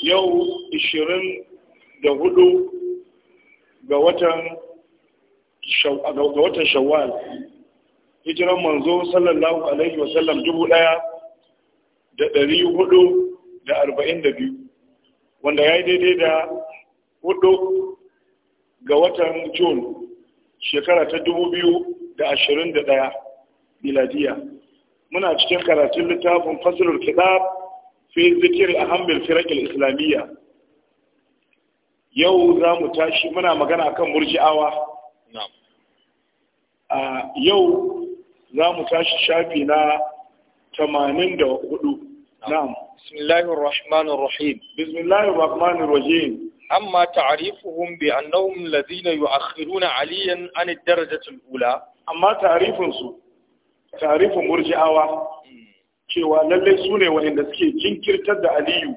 yau 24 ga watan ga watan shawwal hijiran manzo sallallahu alaihi wasallam dubu daya da dari hudu da arba'in da biyu wanda ya yi daidai da hudu ga watan jun shekara ta dubu biyu da ashirin da daya miladiya muna cikin karatun littafin fasilul kitab fi zikir ahambil firakil islamiyya yau za mu tashi muna magana kan murji'awa a yau za mu tashi shafi na 84 na'am bismillahir rahmanir rahim bismillahir rahmanir rahim amma ta'rifuhum bi annahum alladhina yu'akhiruna 'aliyan 'an ad ula amma ta'rifun su ta'rifun murji'awa hmm. cewa lallai su ne waɗanda suke jinkirtar da aliyu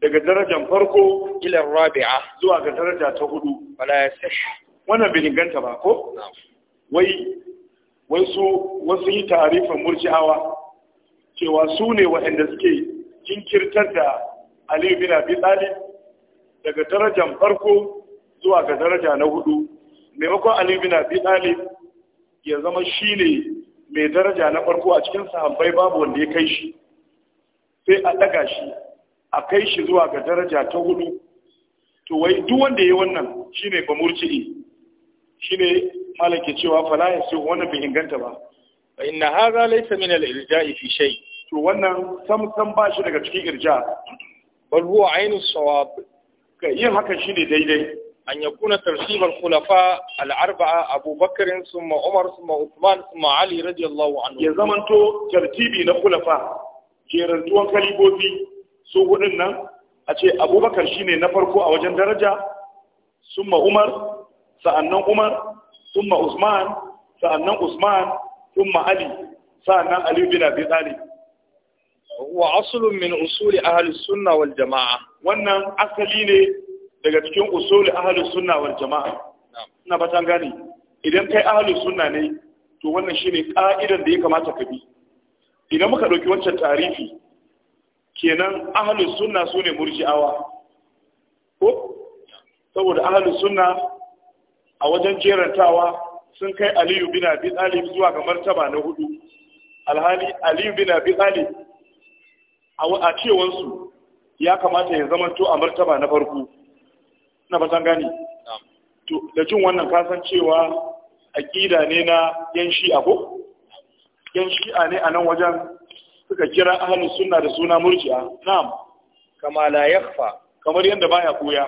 daga darajar farko ilar rabi'a zuwa ga daraja ta hudu wannan bin ganta ba ko wai wai wasu yi tarifin murji'awa cewa su ne waɗanda suke jinkirtar da aliyu bin abi talib daga darajar farko zuwa ga daraja na hudu maimakon aliyu bin abi talib ya zama shi ne? mai daraja na farko a cikin sahabbai babu wanda ya kai shi sai a daga shi a kai shi zuwa ga daraja ta hudu to wai duk wanda ya wannan shine ba murci'i shine malaka cewa fala ya ce wannan bai inganta ba fa inna hadha laysa min al-irja'i fi shay to wannan sam sam ba shi daga cikin irja bal huwa ainu sawab yin haka shine daidai أن يكون ترتيب الخلفاء الأربعة أبو بكر ثم عمر ثم عثمان ثم علي رضي الله عنه يا زمن تو ترتيبي الخلفاء جيران تو كليبوتي سو ودنا أشي أبو بكر شيني نفرقو أو جن درجة ثم عمر سأنن عمر ثم عثمان سأنن عثمان ثم علي سأنن علي بن أبي طالب هو أصل من أصول أهل السنة والجماعة وأن أصلي daga cikin usuli ahalus sunna wal jama'a ina fatan gane idan kai ahalus sunna ne to wannan shine ka'idar da ya kamata ka bi idan muka dauki wancan tarifi kenan ahalus sunna sune murji'awa ko saboda ahalus sunna a wajen jerantawa sun kai aliyu bin abi talib zuwa ga martaba na hudu alhali aliyu bin abi talib a cewansu ya kamata ya zamanto a martaba na farko na ba san gani to da jin wannan kasan san cewa aqida ne na yan shi'a ko yan shi'a ne a nan wajen suka kira ahlus sunna da suna murji'a na'am kama la yakhfa kamar yanda baya koya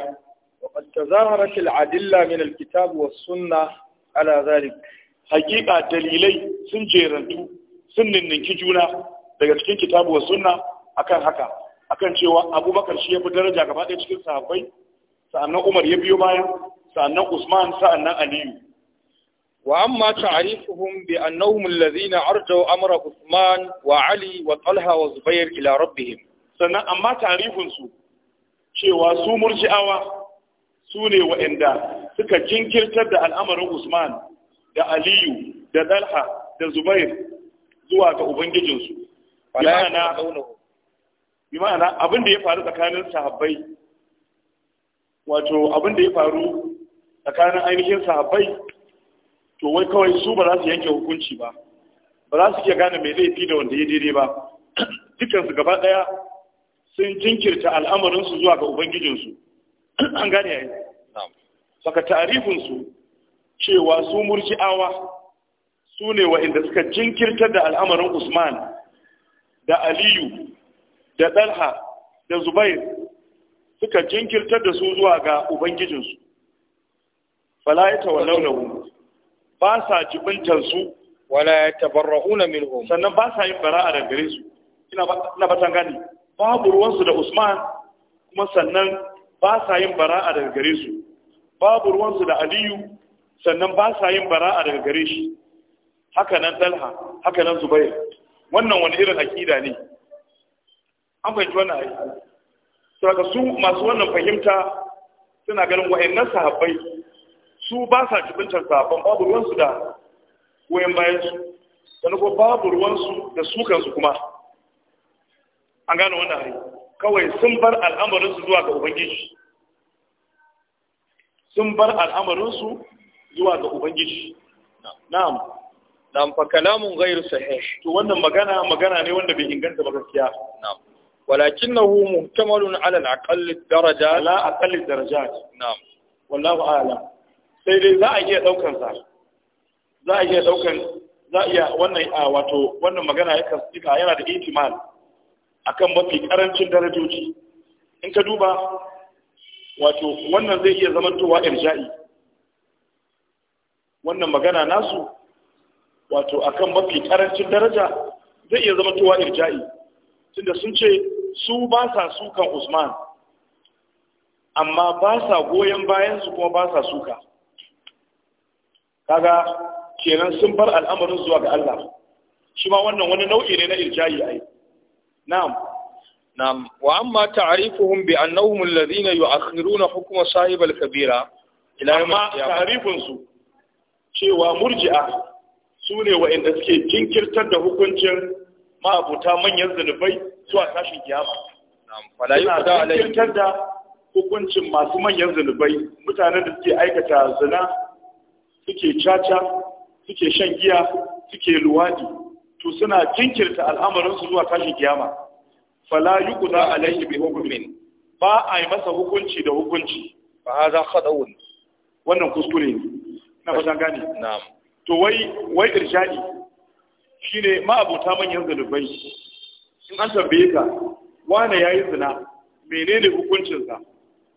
وقد تظاهرت wa من ala والسنة على dalilai sun jerantu sun ninninki juna daga cikin kitabu wa sunna akan haka akan cewa abubakar shi ya fi daraja gaba ɗaya cikin sahabbai sa'annan Umar ya biyo baya sa'annan Usman sa'annan Aliyu wa amma ta'rifuhum bi annahum alladhina arjaw amra Usman wa Ali wa Talha wa Zubair ila rabbihim sanan amma ta'rifun su cewa su murji'awa su ne wa'anda suka jinkirtar da al'amarin Usman da Aliyu da Talha da Zubair zuwa ga ubangijinsu bi ma'ana abin da ya faru tsakanin sahabbai wato abin da ya faru tsakanin ainihin sahabbai to wai kawai su ba za su yanke hukunci ba ba za su iya gane mai laifi da wanda ya daidai ba dukansu gaba ɗaya sun jinkirta al'amarinsu zuwa ga ubangijinsu an gane yayi saka tarifinsu cewa su murji'awa su ne wa'inda suka jinkirtar da al'amarin usman da aliyu da ɗalha da zubair suka jinkirtar da su zuwa ga ubangijinsu fala ya tawallawnahu ba sa jibintar su wala ya tabarra'una minhum sannan ba sa yin bara'a da gare su ina ba tan gani babu ruwansu da Usman kuma sannan ba sa yin bara'a daga gare su babu ruwansu da Aliyu sannan ba sa yin bara'a daga gare shi haka nan Talha haka nan Zubair wannan wani irin akida ne an fahimci wannan ayi saboda su masu wannan fahimta suna ganin wa'annan sahabbai su ba sa jibintar sahabban babu ruwansu da goyon bayan su nufin babu ruwansu da su kansu kuma an gane wannan hari kawai sun bar al'amarinsu zuwa ga ubangiji sun bar al'amarinsu zuwa ga ubangiji na'am na'am fa kalamun ghairu sahih to wannan magana magana ne wanda bai inganta ba gaskiya na'am ولكنه محتمل على الأقل الدرجات على أقل الدرجات نعم والله أعلم سيدي لا أجي دوكا صار لا أجي دوكا za iya wannan a wato wannan magana ya kasika yana da ihtimal akan mafi karancin darajoji in ka duba wato wannan zai iya zamantowa irja'i wannan magana nasu wato akan mafi karancin daraja zai iya zamantowa irja'i tunda sun ce su ba sa sukan usman amma ba sa goyon bayansu kuma ba sa suka kaga kenan sun bar al'amarin zuwa ga Allah shi ma wannan wani nau'i ne na irjayi ai na'am na'am wa amma ta'rifuhum bi annahum alladhina yu'akhiruna hukma sahib al-kabira ila ma ta'rifun su cewa murji'a sune wa'anda suke jinkirtar da hukuncin ma'abuta manyan zunubai zuwa tashin kiyama suna jinkirtar da hukuncin masu manyan zunubai mutanen da suke aikata zina suke caca suke shan giya suke luwadi to suna jinkirta al'amarinsu zuwa tashin kiyama fala yuqda alayhi bi hukmin ba a yi masa hukunci da hukunci fa hadha khata'un wannan kuskure ne na fatan gane na'am to wai wai irjani shine ma'abota manyan zunubai in an tambaye ka wane ya yi zina menene hukuncinsa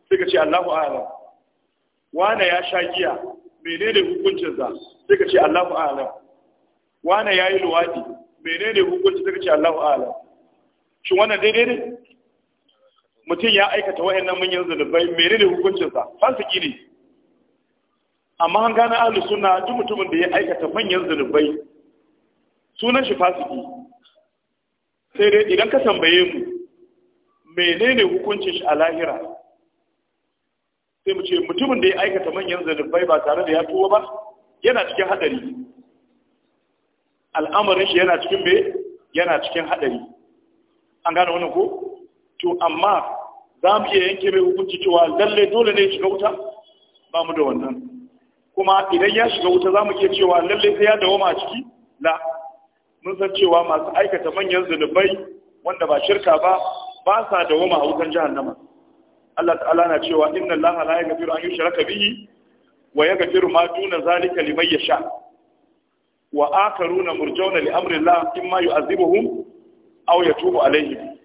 sai ka ce Allahu a'lam wane ya sha giya menene hukuncinsa sai ka ce Allahu a'lam wane ya yi luwadi menene hukuncin sai ka ce Allahu a'lam shin wannan daidai ne mutum ya aikata wayannan manyan zunubai menene hukuncinsa fasiki ne amma an gane ahlus sunna duk mutumin da ya aikata manyan zunubai sunan shi fasiki sai dai idan ka tambaye mu menene hukuncin shi a lahira sai mu ce mutumin da ya aikata manyan zanubai ba tare da ya tuwa ba yana cikin hadari al'amarin shi yana cikin me yana cikin hadari an gane wannan ko to amma za mu iya yanke mai hukunci cewa lalle dole ne shiga wuta ba mu da wannan kuma idan ya shiga wuta za mu iya cewa lalle sai ya dawoma a ciki la mun san cewa masu aikata manyan zunubai wanda ba shirka ba ba sa dawoma a wutan jahannama Allah ta'ala na cewa inna Allah la yaghfiru an yushraka bihi wa yaghfiru ma duna zalika liman yasha wa akaruna murjauna li amri Allah imma yu'azibuhum aw yatubu alaihim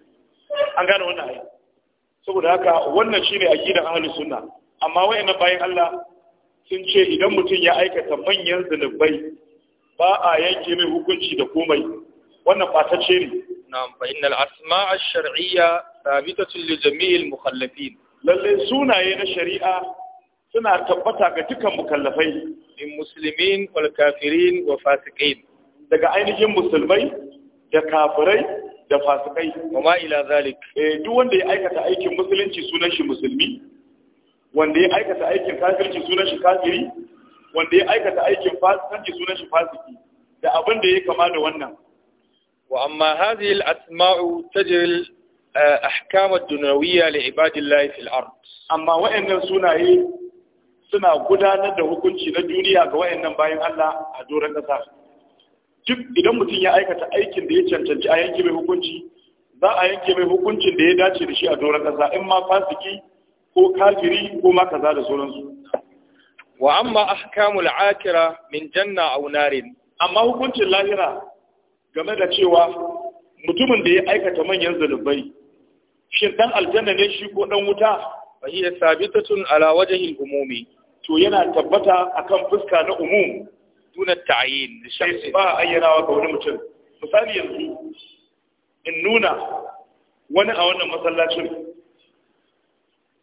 an gane wannan ayi saboda haka wannan shine aqidar ahlus sunna amma wayannan bayan Allah sun ce idan mutum ya aikata manyan zunubai ba a yanke mai hukunci da komai wannan ce ne na'am fa innal asma' ash-shar'iyya thabitatun li jami'il mukhallafin lalle sunaye na shari'a suna tabbata ga dukkan mukallafai min muslimin wal kafirin wa fasiqin daga ainihin musulmai da kafirai da fasikai kuma ila zalik eh duk wanda ya aikata aikin musulunci sunan shi musulmi wanda ya aikata aikin kafirci sunan shi kafiri wanda ya aikata aikin fasiki sunan shi fasiki da abin da ya kama da wannan wa amma hadhihi al-asma'u tajri ahkam ad-dunyawiyya li ibadillahi fil ard amma wa'annan sunaye suna gudanar da hukunci na duniya ga wa'annan bayan Allah a doron kasa duk idan mutum ya aikata aikin da ya cancanci a yanke mai hukunci za a yanke mai hukuncin da ya dace da shi a doron kasa in ma fasiki ko kafiri ko ma kaza da sauransu wa amma ahkamul akira min janna aw narin amma hukuncin lahira game da cewa mutumin da ya aikata manyan zulubai shin dan aljanna ne shi ko dan wuta fa hiya sabitatun ala wajhi umumi to yana tabbata akan fuska na umum duna ta'yin shamsi ba ayyanawa ga wani mutum misali yanzu in nuna wani a wannan masallacin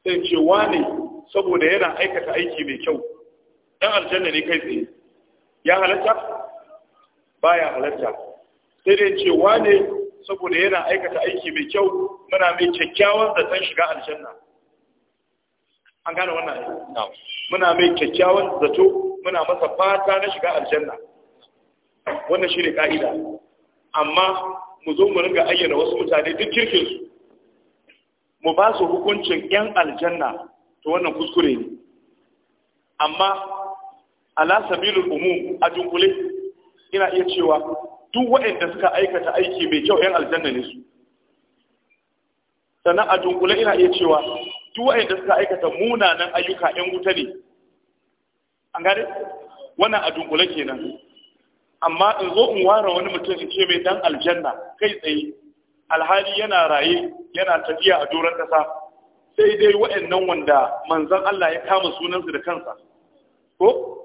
sai ce wane saboda yana aikata aiki mai kyau ɗan aljanna ne kai tsaye ya halatta ya halatta sai dai cewa ne saboda yana aikata aiki mai kyau muna mai kyakkyawan zaton shiga aljanna an gane wannan muna mai kyakkyawan zato muna masa fata na shiga aljanna wannan shi ne ka'ida amma mu zo mu ringa ayyana wasu mutane duk kirkinsu mu ba su hukuncin 'yan aljanna ta wannan kuskure ne amma ala sabilul umum a dunkule ina iya cewa duk waɗanda suka aikata aiki mai kyau yan aljanna ne su sannan a dunkule ina iya cewa duk waɗanda suka aikata munanan ayyuka yan wuta ne an gane wannan a dunkule kenan amma in zo in ware wani mutum in ce mai dan aljanna kai tsaye alhali yana raye yana tafiya a doron ƙasa sai dai waɗannan wanda manzon Allah ya kama sunansu da kansa ko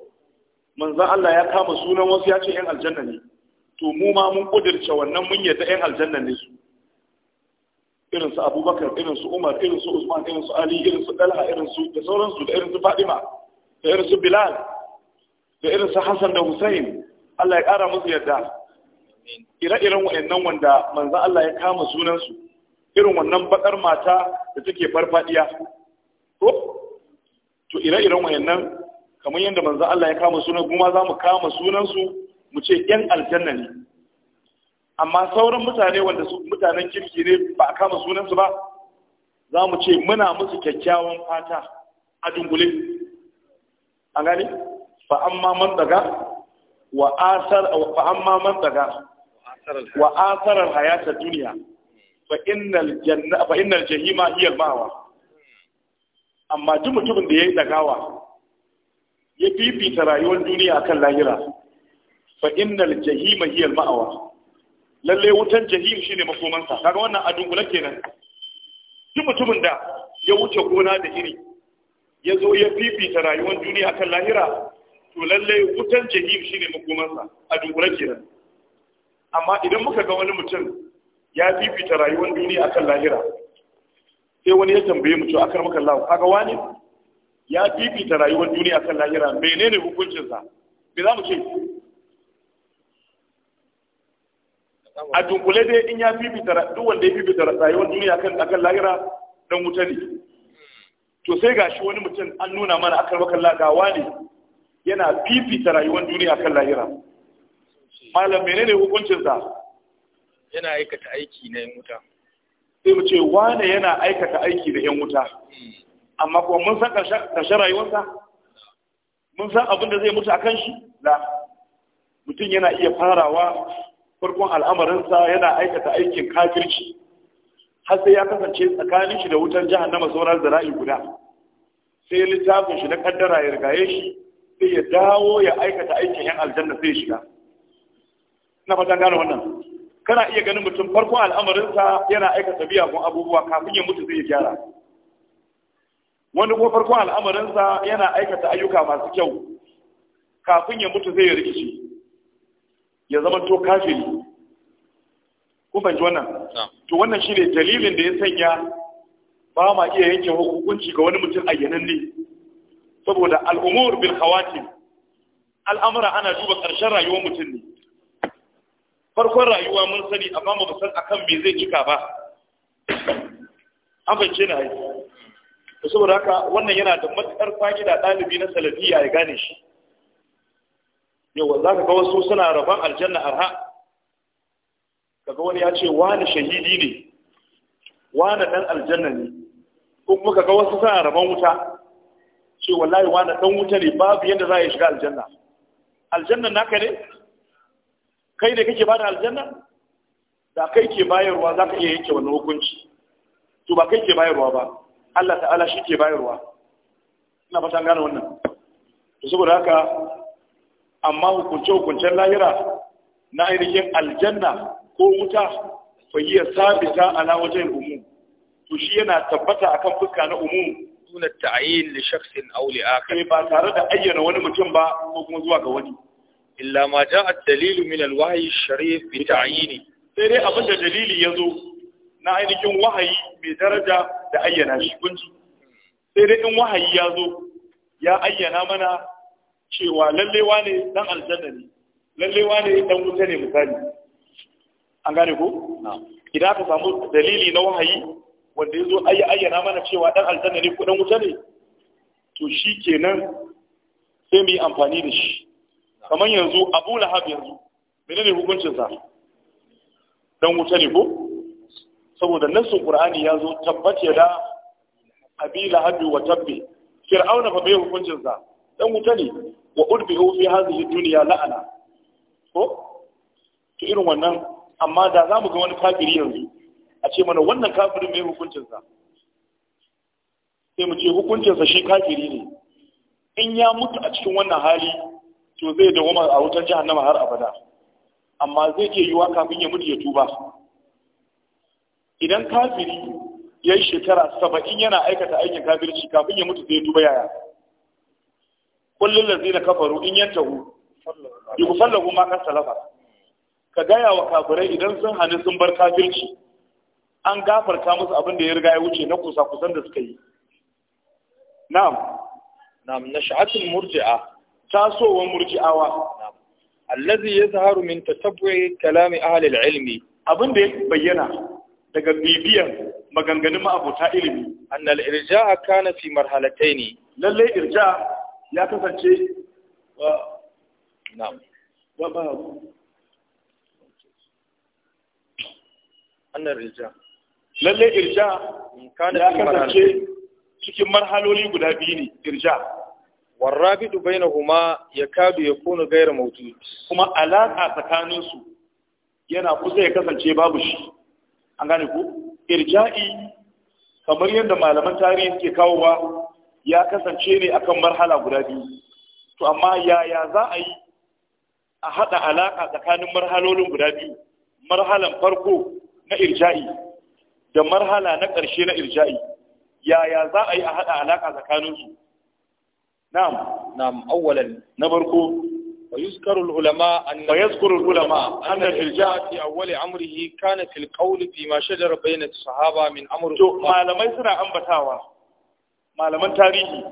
manzan Allah ya kama sunan wasu ya ce ‘yan aljanna ne, to mu ma mun ƙudirce wannan mun yadda ‘yan aljanna ne su. Irin su Abubakar, irin su Umar, irin su Usman, irin su Ali, irin su Dalha, irin su da sauransu, da irin su Fadima, da irin su Bilal, da irin su Hassan da Hussein, Allah ya ƙara musu yadda. Ire-iren wa'annan wanda manzan Allah ya kama sunansu, irin wannan bakar mata da take farfadiya. Ko? To ire-iren wa'annan kamar yadda manzo Allah ya kama sunan kuma za mu kama sunansu mu ce yan aljanna ne amma sauran mutane wanda su mutanen kirki ne ba a kama sunansu ba za mu ce muna musu kyakkyawan fata a dungule an gane fa amma man daga wa asar fa amma man daga wa asar al hayata dunya fa innal janna fa innal jahima hiya al mawa amma duk mutumin da yayi dagawa ya fifita rayuwar duniya kan lahira fa innal jahima hiya al ma'awa lalle wutan jahim shine makomansa kaga wannan a dungula kenan duk mutumin da ya wuce gona da iri ya zo ya fifita rayuwar duniya kan lahira to lalle wutan jahim shine makomansa a dungula kenan amma idan muka ga wani mutum ya fifita rayuwar duniya kan lahira sai wani ya tambaye mu to akar maka Allah kaga wani ya fifita rayuwar duniya kan lahira menene hukuncinsa me za mu ce a dunkule dai in ya fifita duk wanda ya fifita rayuwar duniya kan akan lahira dan wuta ne to sai gashi wani mutum an nuna mana akan wakan lagawa ne yana fifita rayuwar duniya kan lahira malam menene hukuncinsa yana aikata aiki na yan wuta sai mu ce wane yana aikata aiki da yan wuta hmm. amma kuma mun san ƙarshen rayuwarsa mun san abin da zai mutu a kan shi mutum yana iya farawa farkon al'amarinsa yana aikata aikin kafirci har sai ya kasance tsakanin shi da wutan jahannama sauran zara'i guda sai littafin shi na kaddara ya rigaye shi sai ya dawo ya aikata aikin yan aljanna sai ya shiga ina fatan gane wannan kana iya ganin mutum farkon al'amarinsa yana aikata biyagun abubuwa kafin ya mutu zai ya gyara wani ko farko al'amarinsa yana aikata ayyuka masu kyau kafin ya mutu zai rikici ya zama to kafiri ban ji wannan to wannan shine dalilin da ya sanya ba ma iya yanke hukunci ga wani mutum ayyanan ne saboda al'umur bil khawatim al'amura ana duba ƙarshen rayuwar mutum ne farkon rayuwa mun sani amma ba san akan me zai cika ba an na haifi. to saboda haka wannan yana da matukar fa'ida ɗalibi na salafiya ya gane shi yau za ka ga wasu suna rabon aljanna arha kaga wani ya ce wani shahidi ne wani dan aljanna ne Kun kuma kaga wasu suna rabon wuta ce wallahi wani dan wuta ne babu yadda za yi shiga aljanna aljanna naka ne kai ne kake bada aljanna da kai ke bayarwa za ka iya yanke wannan hukunci to ba kai ke bayarwa ba Allah ta'ala shi ke bayarwa ina fatan gane wannan to saboda haka amma hukunce hukuncen lahira na ainihin aljanna ko wuta fa hiya sabita ala wajhil umum to shi yana tabbata akan fuska na umu duna ta'yin li shakhsin a li eh, ba tare da ayyana wani mutum ba ko kuma zuwa ga wani illa ma ja'a dalilu min al sharif bi ta'yini sai dai abinda dalili zo. na ainihin wahayi mai daraja da ayyana shi kunci. sai dai in wahayi ya zo ya ayyana mana cewa lallewa ne dan aljanna ne lallewa ne dan wuta ne misali an gane ko idan aka samu dalili na wahayi wanda ya zo ayyana mana cewa dan aljanna ne ko dan wuta ne to shi kenan sai mu yi amfani da shi kamar yanzu abu lahab yanzu menene hukuncinsa dan wuta ne ko saboda nasu qur'ani ya zo tabbace da abila habi wa tabbi fir'auna fa bai hukuncin sa dan wuta ne wa hu fi hadhihi dunya la'ana ko to irin wannan amma da za mu ga wani kafiri yanzu a ce mana wannan kafirin mai hukuncin sa sai mu ce hukuncin sa shi kafiri ne in ya mutu a cikin wannan hali to zai dawo a wutar jahannama har abada amma zai ke yiwa kafin ya mutu ya tuba idan kafiri ya yi shekara saba'in yana aikata aikin kafirci kafin ya mutu sai duba yaya kullum lazi na kafaru in tahu yi kufallahu ma kan salafa ka gaya wa kafirai idan sun hannu sun bar kafirci an gafarta musu abin da ya riga ya wuce na kusa-kusan da suka yi na'am na'am nash'atul murji'a tasowar murji'awa allazi yazharu min tatabbu'i kalami ahli al-ilmi abin da ya bayyana daga bibiyan maganganun ma'abuta ilimi annal irja'a kana fi marhalataini lalle irja ya kasance wa na'am wa ba annal irja lalle irja kana ya kasance cikin marhaloli guda biyu ne irja ya bainahuma yakadu yakunu ghayra mawjud kuma alaqa tsakaninsu yana kusa ya kasance babu shi an gane ku irja'i kamar yadda malaman tarihi ke kawowa ya kasance ne akan marhala guda biyu to amma yaya za a yi a haɗa alaƙa tsakanin marhalolin guda biyu marhalan farko na irja'i da marhala na ƙarshe na irja'i yaya za a yi a haɗa alaƙa tsakaninsu na'am na'am awwalan na farko ويذكر العلماء أن ويذكر العلماء أن الجاء في أول أمره كان في القول فيما شجر بين الصحابة من أمر ما لم يسرع أن بتاوى ما لم تاريخي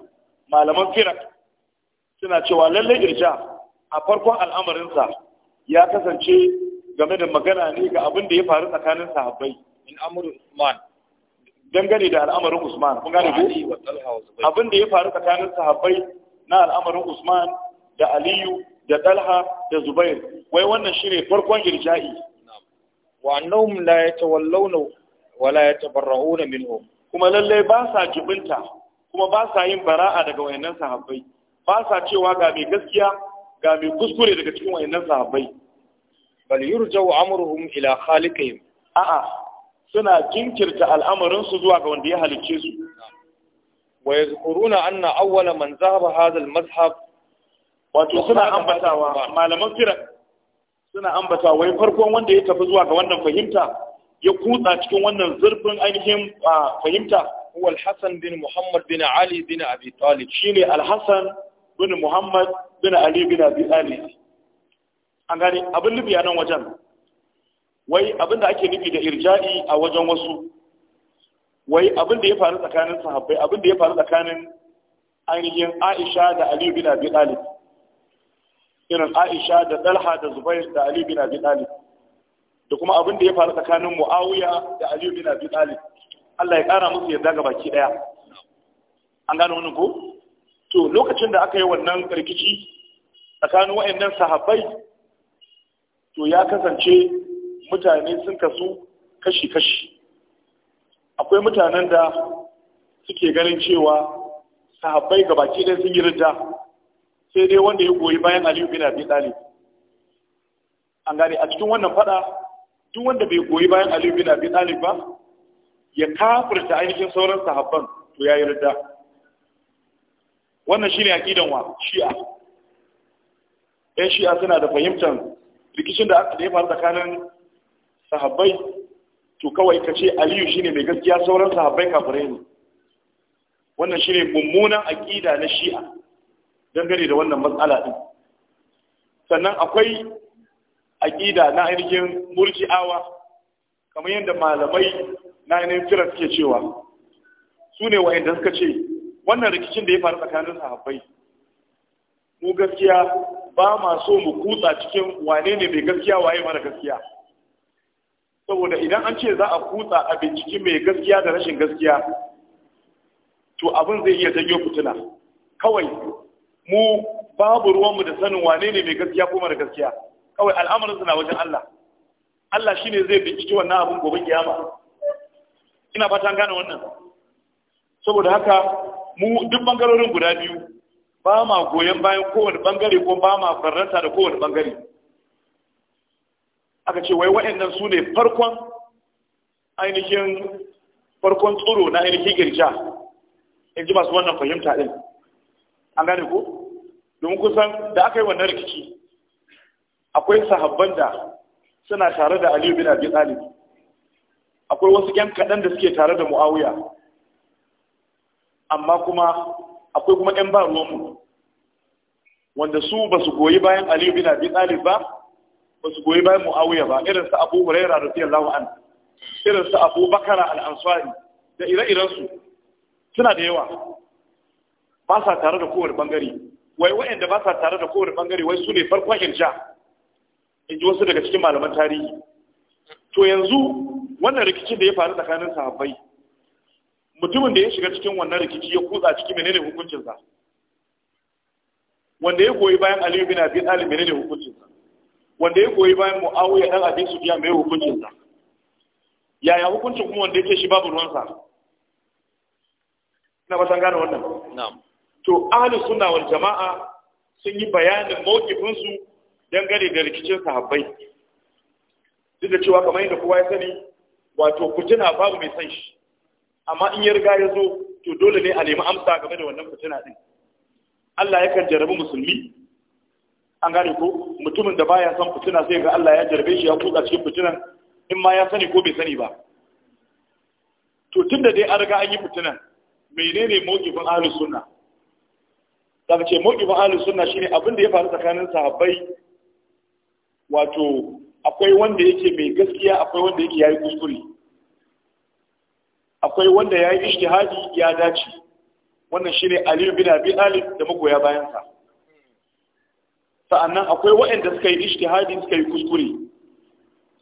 ما لم فرق سنة شوالل الإرجاع أفرق الأمر إنسا يا كسن شيء game da magana ne ga abin da ya faru tsakanin sahabbai in amru Usman dangane da al'amarin Usman kun gane ko abin da ya faru tsakanin sahabbai na al'amarin Usman da Aliyu da Talha da Zubair wai wannan shine farkon irja'i wa annahum la yatawallawna wa la yatabarra'una minhum kuma lalle ba sa jibinta kuma ba sa yin bara'a daga wayannan sahabbai ba sa cewa ga mai gaskiya ga mai kuskure daga cikin wayannan sahabbai bal yurja'u amruhum ila khaliqihim a'a suna jinkirta al'amarin su zuwa ga wanda ya halicce su wa yazkuruna anna awwala man zahaba hadha al-mazhab wato suna ambatawa malaman firak suna ambatawa. wai farkon wanda ya tafi zuwa ga wannan fahimta ya kutsa cikin wannan zurfin ainihin fahimta huwa hasan bin muhammad bin ali bin abi talib shine al-hasan bin muhammad bin ali bin abi talib an gane abin nufi a nan wajen wai abin da ake nufi da irja'i a wajen wasu wai abin da ya faru tsakanin sahabbai abin da ya faru tsakanin ainihin aisha da ali bin abi talib irin Aisha da Dalha da Zubair da Ali bin Abi Talib da kuma abin da ya faru tsakanin Muawiya da Ali bin Abi Talib Allah ya kara musu yarda ga baki daya an gano wannan ko to lokacin da aka yi wannan rikici tsakanin wayannan sahabbai to ya kasance mutane sun kasu kashi kashi akwai mutanen da suke ganin cewa sahabbai ga baki ɗaya sun yi ridda sai dai wanda ya goyi bayan aliyu bin abi talib an gane a cikin wannan fada duk wanda bai goyi bayan aliyu bin abi talib ba ya kafirta ainihin sauran sahabban to ya ridda. wannan shine aqidan wa shi'a ɗan shi'a suna da fahimtar rikicin da aka da ya faru tsakanin sahabbai to kawai ka ce aliyu shine mai gaskiya sauran sahabbai kafirai ne wannan shine mummunan aƙida na shi'a dangane da wannan matsala din sannan akwai aƙida na ainihin murji'awa kamar yadda malamai na ainihin kira suke cewa su ne wa'anda suka ce wannan rikicin da ya faru tsakanin sahabbai mu gaskiya ba ma so mu kutsa cikin wane ne mai gaskiya waye mara gaskiya saboda idan an ce za a kutsa a binciki mai gaskiya da rashin gaskiya to abin zai iya janyo fitina kawai mu babu ruwanmu da sanin wane ne mai gaskiya ko mara gaskiya kawai al'amarinsu na wajen Allah Allah shi ne zai binciki wannan abin gobe kiyama ina fatan gane wannan saboda haka mu duk bangarorin guda biyu ba ma goyon bayan kowane bangare ko ba ma farranta da kowane bangare aka ce wai waɗannan su ne farkon ainihin farkon tsoro na ainihin girja in ji masu wannan fahimta ɗin an gane ko domin kusan da aka yi wannan rikici akwai sahabban da suna tare da aliyu bin abi talib akwai wasu yan kaɗan da suke tare da muawiya amma kuma akwai kuma yan ba ruwanmu wanda su ba su goyi bayan aliyu bin abi talib ba ba su goyi bayan muawiya ba irin su abu da radiyallahu anhu irin su abu bakara al da ire-irensu suna da yawa ba sa tare da kowane bangare wai waɗanda ba sa tare da kowane bangare wai su ne farkon irja in ji wasu daga cikin malaman tarihi to yanzu wannan rikicin da ya faru tsakanin sahabbai mutumin da ya shiga cikin wannan rikici ya kutsa cikin menene hukuncinsa wanda ya goyi bayan aliyu bin abi talib menene hukuncinsa wanda ya goyi bayan muawiya dan abi sufyan menene hukuncinsa yaya hukuncin kuma wanda yake shi babu ruwansa ina ba san gane wannan na'am to ahli sunna wal jama'a sun yi bayanin mawqifin su dangane da rikicin sahabbai duk da cewa kamar yadda kowa ya sani wato fitina babu mai san shi amma in ya riga ya zo to dole ne a nemi amsa game da wannan fitina din Allah yakan jarabi musulmi an gane ko mutumin da baya son fitina sai ga Allah ya jarabe shi ya kuka cikin fitinan in ma ya sani ko bai sani ba to tunda dai an riga an yi fitinan menene mawqifin ahli sunna Daga ce mawqifin ahlus sunna shine abin da ya faru tsakanin sahabbai wato akwai wanda yake mai gaskiya akwai wanda yake yayi kuskure akwai wanda yayi ijtihadi ya dace wannan shine Ali bin Abi Talib da magoya bayansa sa'annan akwai waɗanda suka yi ijtihadi suka yi kuskure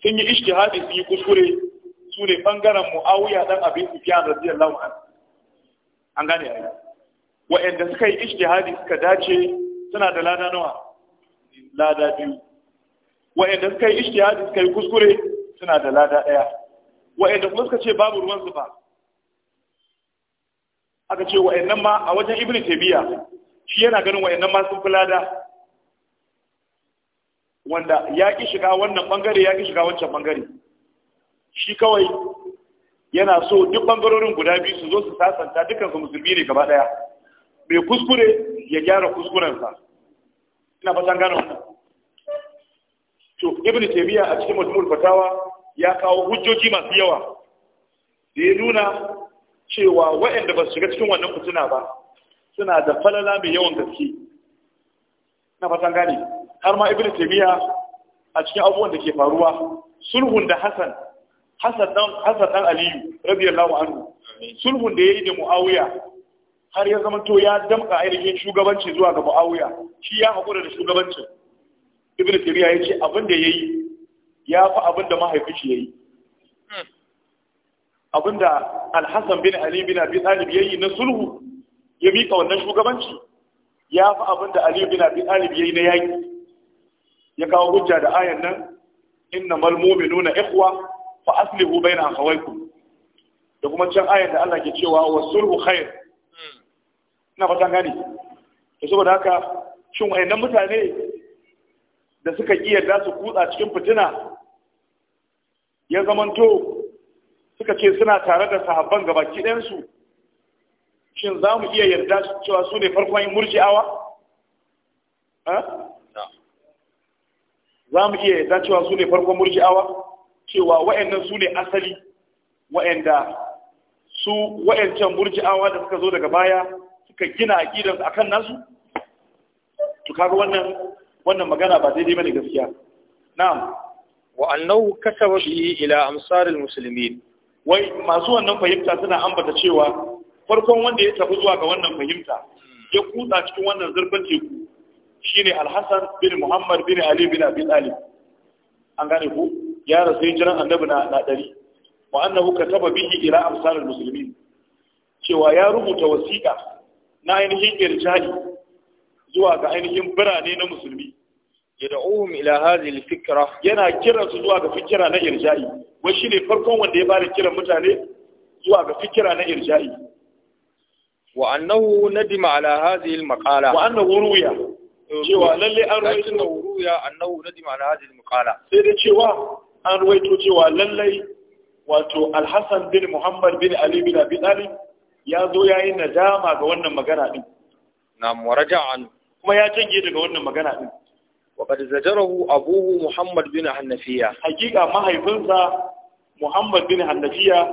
sun yi ijtihadi sun yi kuskure su ne bangaren Muawiya dan Abi Sufyan radiyallahu anhu an gane ayi wa'anda suka yi ijtihadi suka dace suna da lada nawa lada biyu wa'anda suka yi ijtihadi suka yi kuskure suna da lada ɗaya. wa'anda kuma suka ce babu ruwan zuba, aka ce wa'annan ma a wajen ibn tabiya shi yana ganin wa'annan ma sun fi lada wanda ya ki shiga wannan bangare ya ki shiga wancan bangare shi kawai yana so duk bangarorin guda biyu su zo su sasanta dukkan su musulmi ne gaba daya mai kuskure ya gyara kuskurensa ina fatan gano to ibnu tabiya a cikin mutumul fatawa ya kawo hujjoji masu yawa da ya nuna cewa waɗanda ba su shiga cikin wannan kutuna ba suna da falala mai yawan gaske Ina fatan gane har ma ibnu tabiya a cikin abubuwan da ke faruwa sulhun da hasan hasan dan hasan dan aliyu radiyallahu anhu sulhun da yayi da muawiya har ya zama to ya damka ainihin shugabanci zuwa ga mu'awiya shi ya haƙura da shugabancin ibn tariya ya ce abin da ya yi ya fi abin da shi ya yi abin da alhassan bin ali bin abi talib ya yi na sulhu ya miƙa wannan shugabanci ya fi abin da ali bin abi talib ya yi na yaƙi ya kawo hujja da ayan nan inna mal nuna ikhwa fa aslihu bayna akhawaykum da kuma can ayan da Allah ke cewa wa sulhu khair na fatan gani to saboda haka shin wayannan mutane da suka ki yarda su kutsa cikin fitina ya zamanto suka ce suna tare da sahabban gaba kiɗansu shin za mu iya yarda cewa su ne farkon murji'awa? za mu iya yarda cewa su ne farkon murji'awa cewa wa'annan su ne asali wa'anda su wa'ancan murji'awa da suka zo daga baya suka gina a kan nasu Tuka ga wannan wannan magana ba daidai mana gaskiya na'am wa annahu kasaba bi ila amsar almuslimin wai masu wannan fahimta suna ambata cewa farkon wanda ya tafi zuwa ga wannan fahimta ya kutsa cikin wannan zurfin teku shine alhassan bin muhammad bin ali bin abi talib an gane ku ya rasu jiran annabi na na dari wa annahu kataba bihi ila amsar almuslimin cewa ya rubuta wasiƙa na ainihin irja'i zuwa ga ainihin birane na musulmi yad'uhum ila hadhihi al-fikra yana kiran su zuwa ga fikira na irja'i wai shine farkon wanda ya bada kiran mutane zuwa ga fikira na irja'i wa annahu nadima ala hadhihi al-maqala wa annahu ruya cewa lalle an ruwaito ruya annahu nadima ala hadhihi al-maqala sai da cewa an ruwaito cewa lalle wato al-Hasan bin Muhammad bin Ali bin Abi Talib ya zo ya yi nadama ga wannan magana din Na waraja an kuma ya canje daga wannan magana din wa qad zajarahu abuhu muhammad bin Hannafiya. hakika mahaifinsa muhammad bin Hannafiya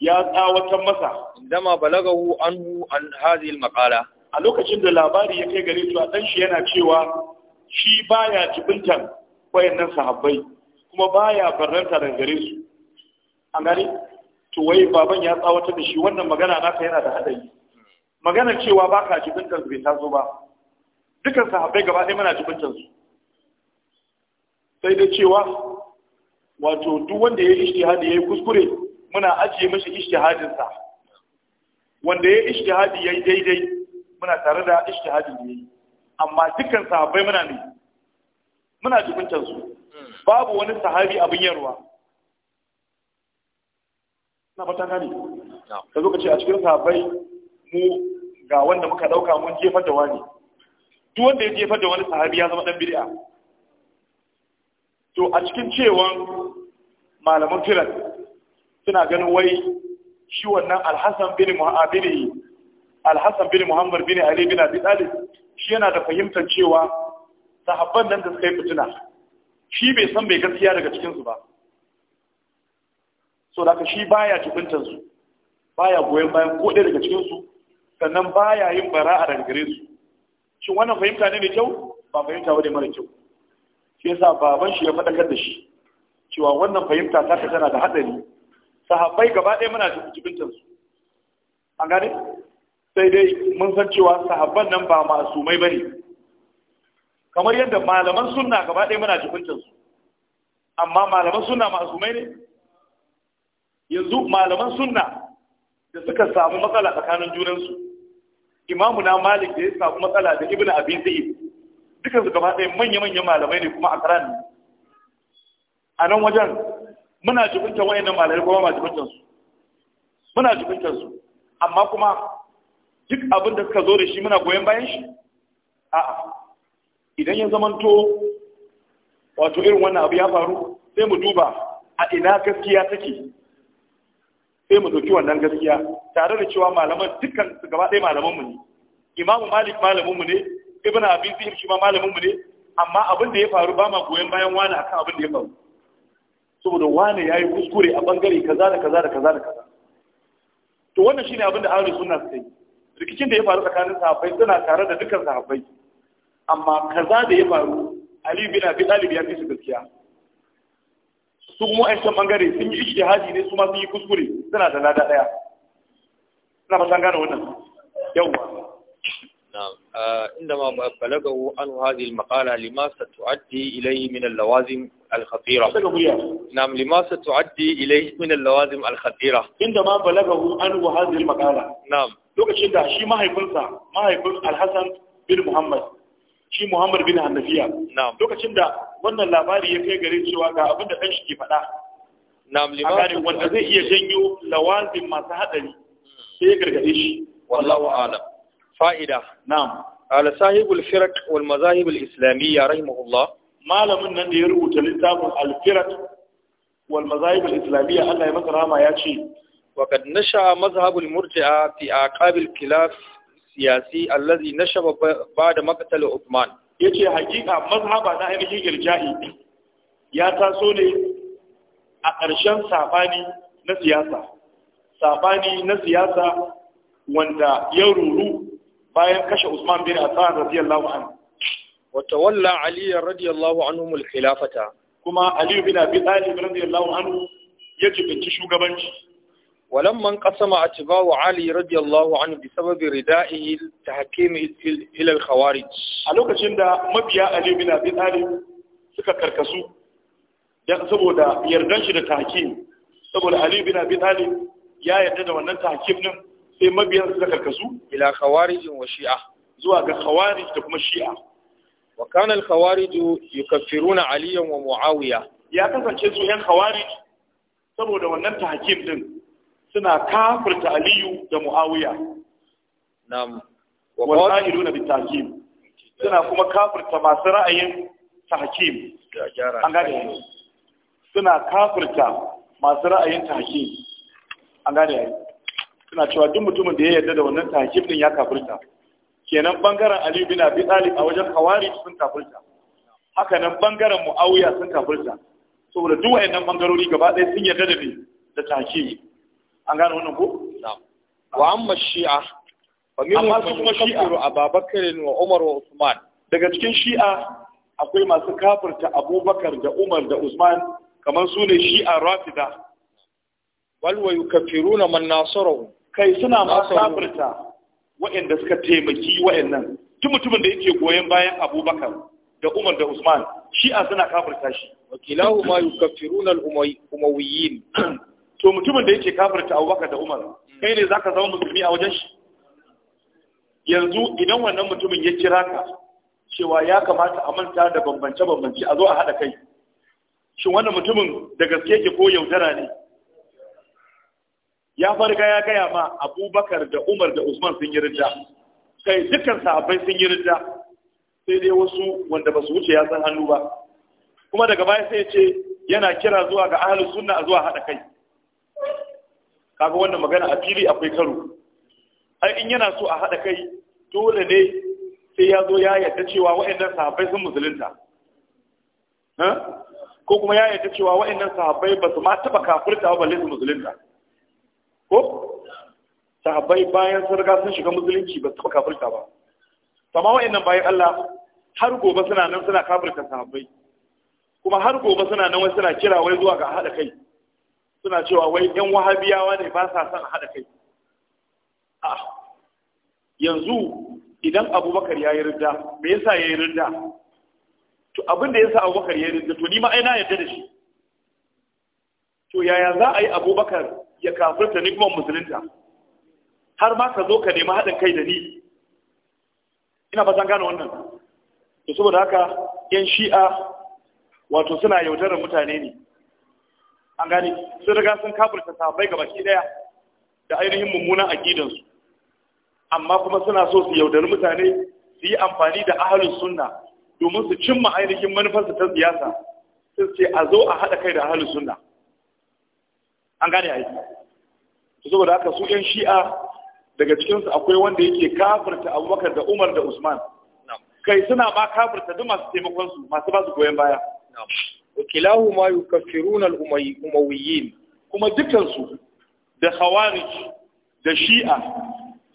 ya tsawatar masa indama balagahu anhu an hadhihi al a lokacin da labari ya kai gare su a dan shi yana cewa shi baya jibintan wayannan sahabbai kuma baya barranta daga gare su an gani to wai baban ya tsawatar da shi wannan magana naka yana da hadari maganar cewa ba ka jibintar bai taso ba dukkan sahabbai gaba ɗaya muna jibintar su sai da cewa wato duk wanda ya yi ishtihadi ya yi kuskure muna ajiye mashi sa wanda ya yi ishtihadi ya yi daidai muna tare da ishtihadin da ya yi amma dukkan sahabbai muna ne muna jibintar su hmm. babu wani sahabi abin yarwa na fatan hali ka zo ka ce a cikin sahabai mu ga wanda muka dauka mun jefar da wani duk wanda ya jefar da wani sahabi ya zama dan bid'a to a cikin cewan malaman kiran suna ganin wai shi wannan alhassan bin muhammad alhassan bin muhammad bin ali bin abi talib shi yana da fahimtar cewa sahabban nan da suka yi fitina shi bai san bai gaskiya daga cikinsu ba so da shi baya jibintan su baya goyon bayan ko daga cikin su sannan baya yin bara'a daga gare su shin wannan fahimta ne mai kyau ba fahimta bane mara kyau shi yasa baban shi ya fadakar da shi cewa wannan fahimta ta ka tana da haɗari sahabbai gaba ɗaya muna jibintan su an gane sai dai mun san cewa sahabban nan ba masumai bane kamar yadda malaman sunna gaba ɗaya muna jibintan su amma malaman sunna masumai ne yanzu malaman sunna da suka samu matsala tsakanin junansu imamu na malik da ya samu matsala da ibn abi zai duka su gaba ɗaya manya-manyan malamai ne kuma a karan a nan wajen muna jibintan wayannan malamai kuma ma jibintan su muna jibintan su amma kuma duk abin da suka zo da shi muna goyon bayan shi a'a idan ya zamanto wato irin wannan abu ya faru sai mu duba a ina gaskiya take sai mu ɗauki wannan gaskiya tare da cewa malaman dukkan su gaba ɗaya malaman mu ne imamu malik malamin mu ne Ibn abi zihir shi ma malamin mu ne amma abin da ya faru ba ma goyon bayan wani akan abin da ya faru saboda wani yayi kuskure a bangare kaza da kaza da kaza da kaza to wannan shine abin da ahlus sunna suka yi rikicin da ya faru tsakanin sahabbai suna tare da dukkan sahabbai amma kaza da ya faru ali bin abi talib ya fi su gaskiya su kuma wa'ancan bangare sun yi ijtihadi ne su ma sun yi kuskure suna da lada daya ina ba san gane wannan yawa نعم عندما آه بلغه عن هذه المقالة لما ستؤدي إليه من اللوازم الخطيرة نعم لما ستؤدي إليه من اللوازم الخطيرة عندما بلغه عن هذه المقالة نعم لوك شدا شي ما هيكون ما هيكون الحسن بن محمد شي محمد بن حنفية نعم لوك شدا wannan labari ya kai gare cewa ga abin da ɗan ke faɗa a garin wanda zai iya janyo lawazin masu haɗari sai ya gargaɗe shi wallahu alam fa'ida na'am ala sahibul firq wal mazahib al islamiyya malamin nan da ya rubuta littafin al firq wal islamiyya Allah ya masa ya ce wa qad nasha mazhabin al murji'a fi aqab al khilaf siyasi allazi nashaba ba'da Usman. yace hakika mazhaba na ainihin irja'i ya taso ne a ƙarshen sabani na siyasa sabani na siyasa wanda ya ruru bayan kashe Usman bin Affan radiyallahu anhu wa tawalla Ali radiyallahu anhu al khilafata kuma Ali bin Abi Talib radiyallahu anhu ya jibinci shugabanci ولما انقسم اتباع علي رضي الله عنه بسبب ردائه التحكيم الى الخوارج a lokacin da mabiya Ali bin Abi Talib suka karkasu dan saboda yardan shi da tahkim saboda Ali bin Abi Talib ya yarda da wannan tahkim din sai mabiyan suka karkasu ila khawarij wa shi'a zuwa ga khawarij da kuma shi'a wa kana al khawarij yukaffiruna Ali wa Muawiya ya kasance su yan khawarij saboda wannan tahkim din suna kafirta aliyu da muawiya na'am wa na bitakim suna kuma kafirta masu ra'ayin tahkim an gane suna kafirta masu ra'ayin tahkim an gane suna cewa duk mutumin da ya yarda da wannan tahkim din ya kafirta kenan bangaren aliyu bin abi talib a wajen khawarij sun kafirta haka nan bangaren muawiya sun kafirta saboda duk wayannan bangarori gaba ɗaya sun yarda da ni da tahkim an gane wannan ko wa amma shi'a wa min amma su kuma shi'a Abubakar wa Umar wa Usman daga cikin shi'a akwai masu kafirta Abubakar da Umar da Usman kamar su ne shi'a Rafida wal wa yukaffiruna man nasarahu kai suna ma kafirta waɗanda suka taimaki waɗannan Tun mutumin da yake goyon bayan Abubakar da Umar da Usman shi'a suna kafirta shi wakilahu ma yukaffiruna al-umawiyyin to mutumin da yake kafirta abubakar da umar kai ne zaka zama musulmi a wajen shi yanzu idan wannan mutumin ya kira ka cewa ya kamata a manta da bambance-bambance a zo a haɗa kai shi wannan mutumin da gaske ke ko yaudara ne ya farga ya gaya ma abubakar da umar da usman sun yi rinda kai dukkan sahabbai sun yi rinda sai dai wasu wanda ba su wuce ya san hannu ba kuma daga baya sai ce yana kira zuwa ga ahalus sunna a zuwa haɗa kai kaga wannan magana a fili akwai karo ai in yana so a haɗa kai dole ne sai ya zo ya yadda cewa wa'annan sahabbai sun musulunta ko kuma ya yadda cewa wa'annan sahabbai ba su ma taɓa kafirta ba balle su musulunta ko sahabbai bayan sun riga sun shiga musulunci ba su taɓa kafirta ba amma wa'annan bayan Allah har gobe suna nan suna kafirta sahabbai kuma har gobe suna nan wai suna kira wai zuwa ga haɗa kai suna cewa wai yan wahabiyawa ne ba sa son haɗa kai a yanzu idan abubakar ya yi rinda me yasa ya yi rinda to abin da yasa abubakar ya yi rinda to ni ai na yadda da shi to yaya za a yi abubakar ya kafirta ni kuma musulunta har ma ka zo ka nemi haɗin kai da ni ina fatan gane wannan to saboda haka yan shi'a wato suna yaudarar mutane ne an gane sun riga sun kafirta sahabbai ga baki daya da ainihin mummunan aqidansu amma kuma suna so su yaudari mutane su yi amfani da ahlus sunna domin su cimma ainihin manufarsu ta siyasa sun ce a zo a haɗa kai da ahlus sunna an gane aiki. to saboda haka su yan shi'a daga cikinsu akwai wanda yake kafirta Abubakar da Umar da Usman kai suna ba kafirta duk masu taimakon su masu ba su goyon baya wa kilahu ma yukaffiruna al-umawiyyin kuma dukansu da khawarij da shi'a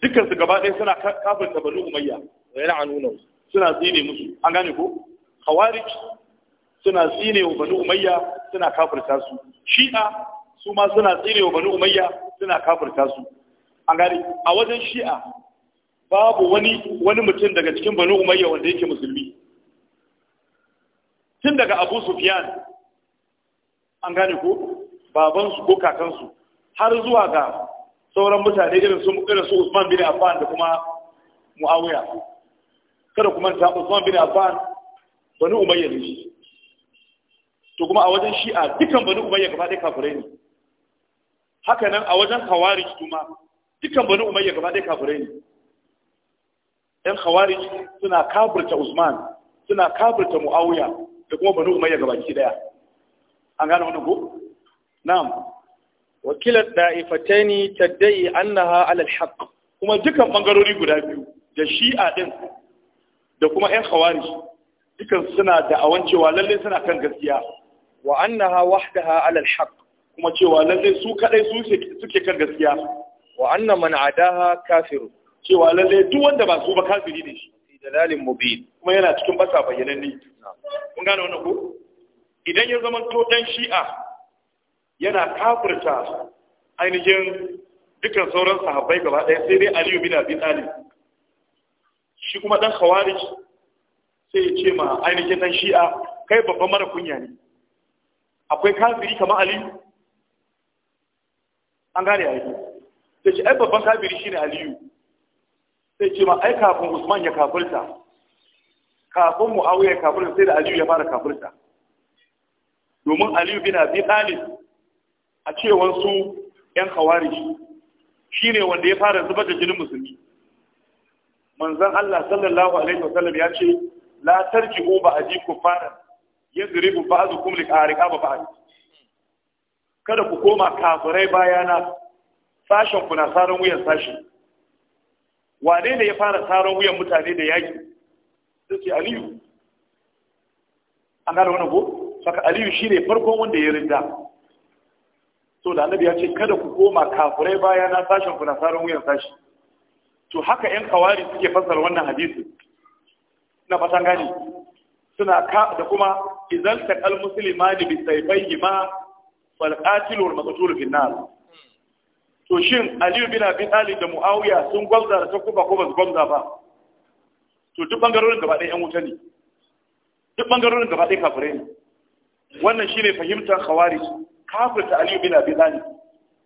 dukansu gaba ɗaya suna kafirta bani umayya suna tsine musu an gane ko khawarij suna tsine wa suna kafirta su shi'a su suna tsine wa suna kafirta su a wajen shi'a babu wani wani mutum daga cikin bani umayya wanda yake musulmi tun daga abu sufiyan an gane ku? babansu ko kakansu har zuwa ga sauran mutane irin su Usman bin Affan da kuma Muawiya kada kuma ta Usman bin Affan bani Umayya ne shi to kuma a wajen Shi'a dukan bani Umayya gaba ɗaya kafirai ne haka nan a wajen su ma dukan bani Umayya gaba ɗaya kafirai ne ɗan kawari suna kafirta Usman suna kafirta Muawiya da kuma banu umayya gabaki daya an gane wannan ko na'am wakilar da'ifataini taddai annaha alal haqq kuma dukan bangarori guda biyu da shi'a din da kuma ƴan khawarij dukan suna da awan cewa lalle suna kan gaskiya wa annaha wahdaha alal haqq kuma cewa lalle su kadai su suke kan gaskiya wa anna man adaha kafir cewa lalle duk wanda ba su ba kafiri ne shi dalalin mubin kuma yana cikin basa bayyananne kun gane wannan ko idan ya zama to dan shi'a yana kafirta ainihin dukkan sauran sahabbai gaba ɗaya sai dai aliyu bin abi talib shi kuma dan khawarij sai ya ce ma ainihin dan shi'a kai babban mara kunya ne akwai kafiri kamar aliyu an gane a yi sai ce ai babban kafiri shine aliyu sai ce ma ai kafin usman ya kafirta kafin mu'awiyar kafin sai da aliyu ya fara kafirta domin aliyu bin abi talib a cewar su yan hawari shine wanda ya fara zubar da jinin musulmi manzon Allah sallallahu alaihi wasallam ya ce la tarji'u ba'di kufaran yadribu ba'dukum liqariqaba ba'd kada ku koma kafirai bayana sashen ku na saran wuyan sashi wane ne ya fara saran wuyan mutane da yaki sai aliyu an gane wani ko saka aliyu shi ne farkon wanda ya rinda so da annabi ya ce kada ku koma kafurai baya na sashen ku na sarin wuyan sashi to haka yan kawari suke fassara wannan hadisi na fatan gani suna ka da kuma idan taqal muslimani bi sayfayhi ma wal qatil wal maqtul fi nar to shin aliyu bin abi talib da muawiya sun gwamza da takuba ko ba su ba to duk bangarorin gaba ɗaya yan wuta ne duk bangarorin gaba ɗaya kafirai ne wannan shi ne fahimtar khawarij ta aliyu bin abi talib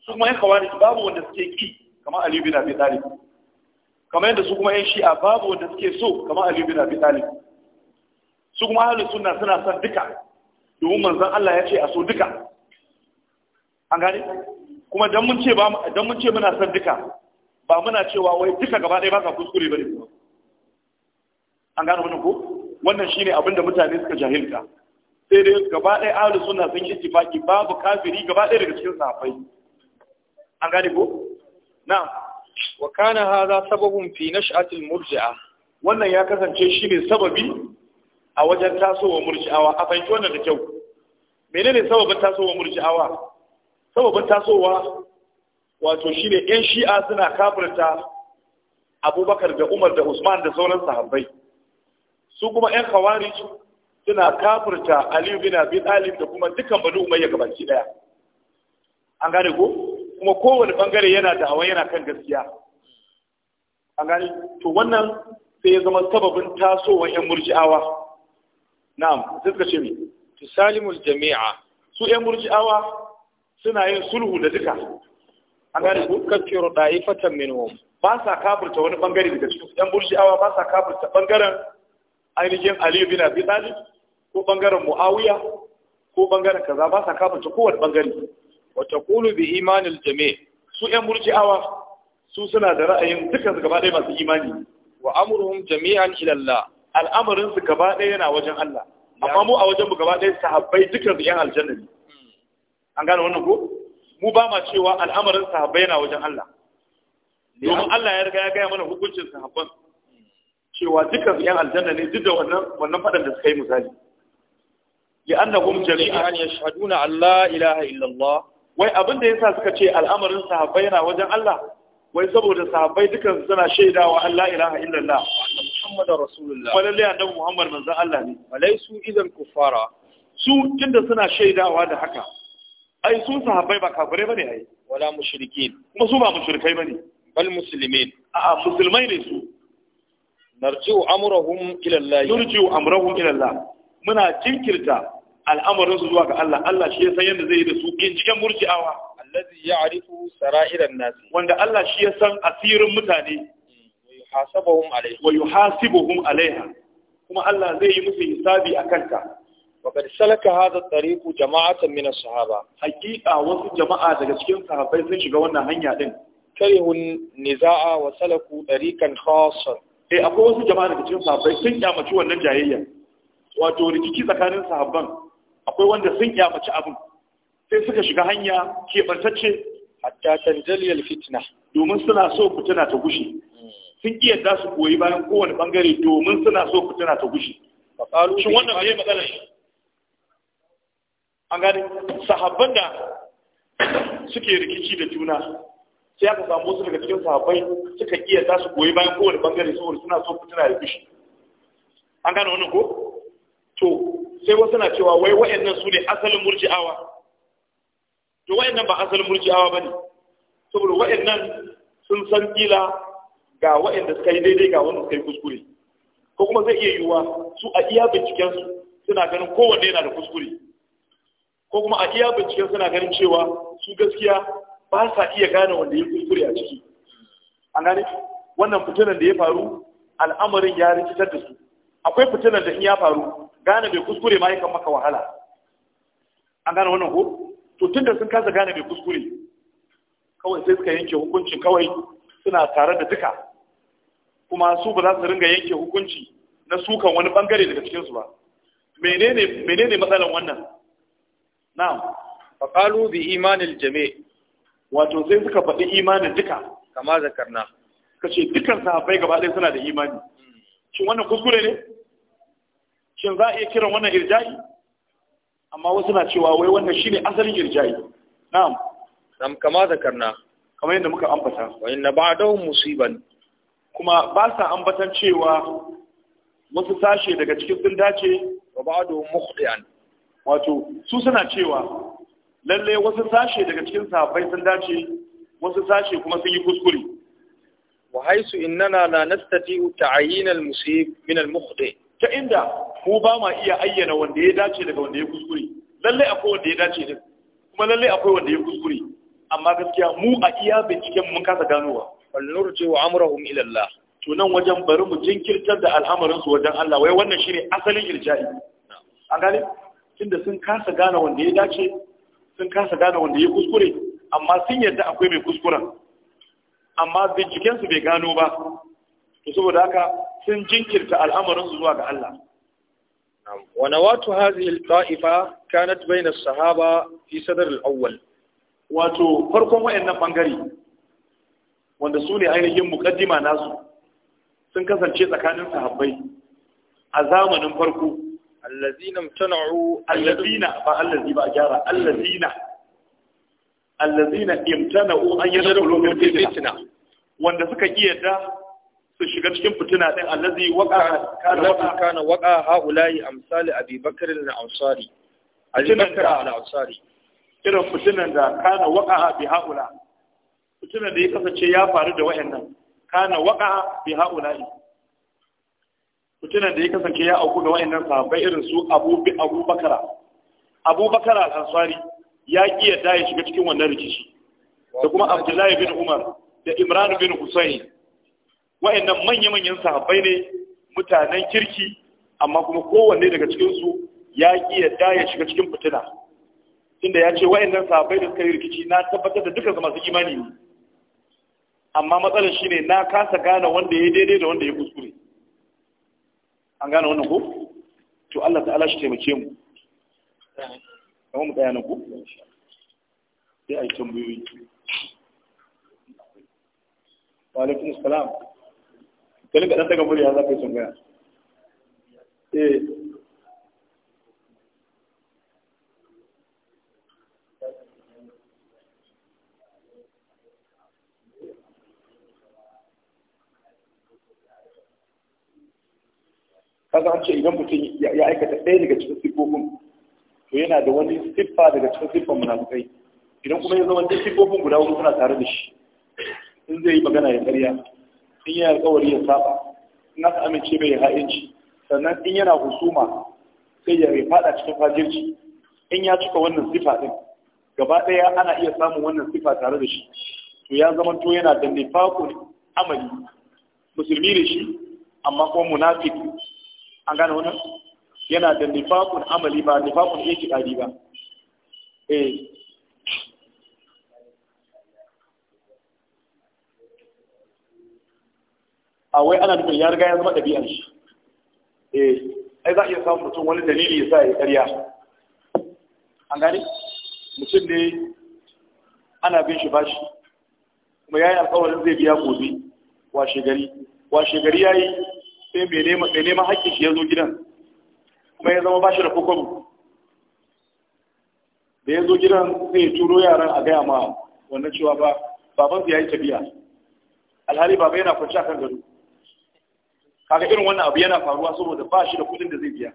su kuma yan khawarij babu wanda suke ki kamar aliyu bin abi talib kamar yadda su kuma yan shi'a babu wanda suke so kamar aliyu bin abi talib su kuma ahlus suna suna son duka domin manzon Allah ya ce a so duka an gane kuma dan mun ce ba dan mun ce muna son duka ba muna cewa wai duka gaba ɗaya ba ka kuskure ne kuma an gane wani ko wannan shine abin da mutane suka jahilta sai dai gaba ɗaya ahlus sunna sun yi ittifaqi babu kafiri gaba ɗaya daga cikin sahabbai an gane ko Na. wa kana hadha sababun fi nash'atil murji'a wannan ya kasance shine sababi a wajen tasowa murji'awa a fahimci wannan da kyau menene sababin tasowa murji'awa sababin tasowa wato shine yan shi'a suna kafirta abubakar da umar da usman da sauran sahabbai su kuma yan kawari suna kafirta aliyu bin abi talib da kuma dukkan bani umayya gabaki daya an gane ko kuma kowane bangare yana da hawa yana kan gaskiya an gane to wannan sai ya zama sababin tasowar yan murji'awa na'am sai ka ce mi salimul jami'a su yan murji'awa suna yin sulhu da duka an gane ko kafiru da'ifatan minhum ba sa kafirta wani bangare daga cikin yan murji'awa ba sa kafirta bangaren ainihin aliyu bin Abi Talib ko bangaren Muawiya ko bangaren kaza ba sa kafirce kowane bangare wa taqulu bi imanil jami' su ƴan murji'awa su suna da ra'ayin dukkan su gaba ɗaya masu imani wa amruhum jami'an ila Allah al'amarin su gaba ɗaya yana wajen Allah amma mu a wajen mu gaba ɗaya sahabbai dukkan su ƴan aljanna ne an gane wannan ko mu ba ma cewa al'amarin sahabbai yana wajen Allah domin Allah ya riga ya gaya mana hukuncin sahabban cewa dukkan yan aljanna ne duk da wannan wannan fadan da suka yi misali li'annahum jami'an yashhaduna an la ilaha illa Allah wai abin da yasa suka ce al'amarin sahabbai yana wajen Allah wai saboda sahabbai dukan suna shaidawa an la ilaha illa Allah Muhammadur Rasulullah wallahi annabi Muhammad manzon Allah ne walaisu idan kuffara su tunda suna shaidawa da haka ai su sahabbai ba kafirai bane ai wala mushrikin kuma su ba mushrikai bane bal muslimin a'a musulmai ne su narji'u amrahum muna jinkirta al'amarin zuwa ga Allah Allah shi ya san yadda zai yi da su in cikin murji'awa allazi ya'rifu sara'iran nas wanda Allah shi ya san asirin mutane hmm. yuhasabuhum alaiha wa yuhasibuhum kuma Allah zai yi musu hisabi akan ta وقد سلك هذا الطريق جماعة من الصحابة حقيقة وفي جماعة daga cikin sahabbai sun shiga wannan hanya din karihun niza'a wa salaku tariqan eh akwai wasu jama'a da cikin sahabbai sun kyamaci wannan jayayya wato rikici tsakanin sahabban akwai wanda sun kyamaci abin sai suka shiga hanya bantacce hatta tanjaliyal fitna domin suna so fitina ta gushe sun iya za su koyi bayan kowane bangare domin suna so fitina ta gushe shin wannan bai matsalar shi an gani sahabban da suke rikici da juna sai aka samu wasu daga cikin sahabbai suka iya za su goyi bayan kowane bangare saboda suna so fitina ya fushi an gane wannan ko to sai wasu na cewa wai wa'annan su ne asalin murji'awa to wa'annan ba asalin murji'awa ba ne saboda wa'annan sun san kila ga wa'anda suka yi daidai ga wanda suka yi kuskure ko kuma zai iya yiwuwa su a iya bincikensu suna ganin kowanne yana da kuskure ko kuma a iya binciken suna ganin cewa su gaskiya ba sa iya gane wanda ya kuskure a ciki an gane wannan fitinan da ya faru al'amarin ya rikitar da su akwai fitinan da in ya faru gane bai kuskure ma yakan maka wahala an gane wannan ko to tunda sun kasa gane bai kuskure kawai sai suka yanke hukuncin kawai suna tare da duka kuma su ba za su ringa yanke hukunci na sukan wani bangare daga cikinsu ba menene menene matsalan wannan na'am faqalu bi imanil jami' wato sai suka faɗi imanin duka kama zakarna ce dukkan sahabbai gaba ɗaya suna da imani shin wannan kuskure ne shin za a iya kiran wannan irja'i amma wasu na cewa wai wannan shine asalin irja'i na'am nam kama zakarna kamar yadda muka ambata wa inna ba'dahum musiban kuma ba sa ambatan cewa wasu sashe daga cikin sun dace wa ba'dahum mukhtian wato su suna cewa lalle wasu sashe daga cikin sahabbai sun dace wasu sashe kuma sun yi kuskure wa haisu innana la nastati'u ta'ayyin al-musib min al-mukhti ta inda mu ba ma iya ayyana wanda ya dace daga wanda ya kuskure lalle akwai wanda ya dace din kuma lalle akwai wanda ya kuskure amma gaskiya mu a iya binciken mun kasa ganowa wal nurji wa amrahum ila Allah to nan wajen bari mu jinkirtar da al'amarin su wajen Allah wai wannan shine asalin irja'i an gane tunda sun kasa gane wanda ya dace sun kasa gane wanda ya kuskure amma sun yadda akwai mai kuskuren amma bincikensu bai gano ba to saboda haka sun jinkirta al'amarin zuwa ga Allah wa nawatu hadhihi al-ta'ifa kanat bayna as-sahaba fi sadr al-awwal wato farkon wayannan bangare wanda su ne ainihin mukaddima nasu sun kasance tsakanin sahabbai a zamanin farko allazina imtana'u allazina ba allazi ba gyara allazina allazina imtana'u an yadkhulu fi fitna wanda suka kiyarda su shiga cikin fitina din allazi waqa kana kana waqa haula'i amsal abi bakr al-ansari abi bakr al-ansari irin fitinan da kana waqa bi haula Fitina da ya kasance ya faru da wayannan kana waqa bi haula'i mutumin da ya kasance ya auku da wayannan sahabbai irin su Abubakar Abu Bakara al-Ansari ya ki yadda ya shiga cikin wannan rikici da kuma Abdullahi bin Umar da Imran bin Husayn wayannan manya-manyan sahabbai ne mutanen kirki amma kuma kowanne daga cikinsu ya ki yadda ya shiga cikin fitina Inda ya ce wayannan sahabbai da suka yi rikici na tabbatar da dukkan su masu imani ne amma matsalar shine na kasa gane wanda ya daidai da wanda ya kuskure an gane wannan ko to Allah ta'ala shi taimake mu kamar mu tsaya nan sai a yi tambayoyi wa alaikum salam kalin ka dan daga murya za ka yi tambaya eh kaga an ce idan mutum ya aikata ɗaya daga cikin sifofin to yana da wani siffa daga cikin siffan munafukai idan kuma ya zama sifofin guda hudu suna tare da shi in zai yi magana ya karya in yana alƙawari ya saba in aka amince bai ha'inci sannan in yana husuma sai ya fada cikin fajirci in ya cika wannan siffa din gaba ɗaya ana iya samun wannan siffa tare da shi to ya zama to yana da nifaqul amali musulmi ne shi amma kuma munafiki an gane wannan yana da nifakun amali ba nifaqun iqtiqadi ba eh a wai ana nufin ya riga ya zama ɗabi'ar shi eh ai za a iya samun mutum wani dalili ya sa ya ƙarya an gane mutum ne ana bin shi bashi kuma ya yi alƙawarin zai biya gobe washe gari washe gari ya yi sai mai neman haƙƙi shi ya zo gidan kuma ya zama ba shi da kokobu da ya zo gidan sai ya turo yaran a gaya ma wannan cewa ba babansu ya yi tafiya alhali baba yana kwanci a kan gado kaga irin wannan abu yana faruwa saboda ba shi da kuɗin da zai biya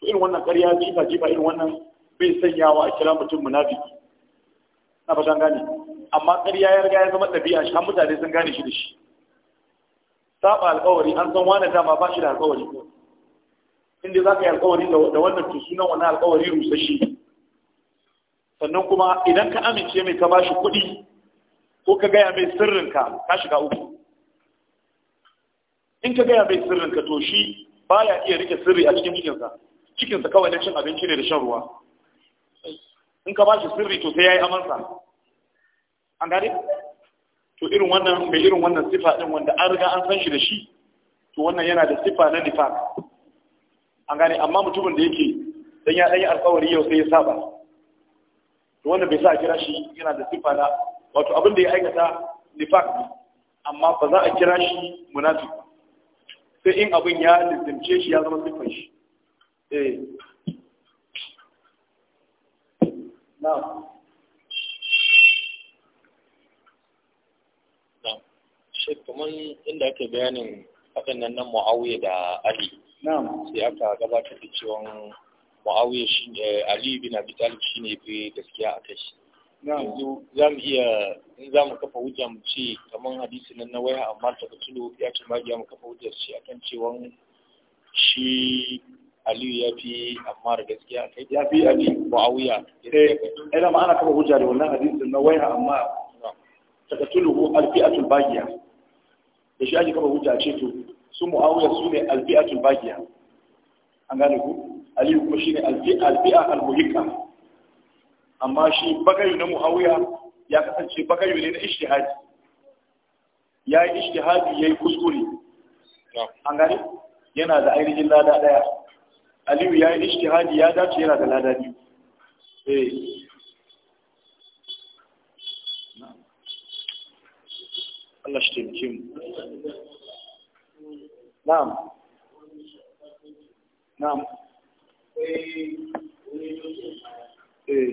to irin wannan ƙarya jifa jifa irin wannan bai sanyawa a kira mutum munafiki na fatan gane amma ƙarya ya riga ya zama ɗabi'a shi har mutane sun gane shi da shi saba alkawari an san wani dama ba shi da alkawari inda za ka yi alkawari da wannan to sunan wani alkawari shi sannan kuma idan ka amince mai ka bashi kuɗi ko ka gaya mai sirrinka ka shiga uku in ka gaya mai sirrinka to shi baya iya rike sirri a cikin cikinsa cikinsa kawai na cin abinci ne da shan ruwa in ka bashi sirri to sai ya yi amansa an gane to irin wannan mai irin wannan sifa din wanda an riga an san shi da shi to wannan yana da sifa na nifaq an gane amma mutumin da yake dan ya dan alƙawari yau sai ya saba to wannan bai sa a kira shi yana da sifa na wato abin da ya aikata nifaq amma ba za a kira shi munafiq sai in abin ya lissance shi ya zama sifan shi eh na'am shi kamar inda ake bayanin waɗannan nan mu'awiyya da ali sai aka gabatar da cewa mu'awiyya shi ne eh, ali bin abi talib shi ne fi gaskiya a kai yanzu za mu iya in za mu kafa hujja mu ce kamar hadisi nan na waya amma ta tulo ya ce ma mu kafa hujjar shi akan cewa shi aliyu ya fi amma da gaskiya a kai ya fi ali mu'awiyya eh ina eh, ma ana kafa hujja da wannan hadisin na waya amma ta kutulo alfi'atul bagiya da shi ake kafa hujja a ce to su muawiya su ne albi'atul baqiya an gane ku aliyu kuma ne albi'a al-muhikka amma shi bakayu na muawiya ya kasance bakayu ne na haji. ya yi haji ya yi kuskure an gane yana da ainihin lada daya aliyu ya yi haji ya dace yana da lada biyu eh. Allah shi taimake mu na'am na'am eh eh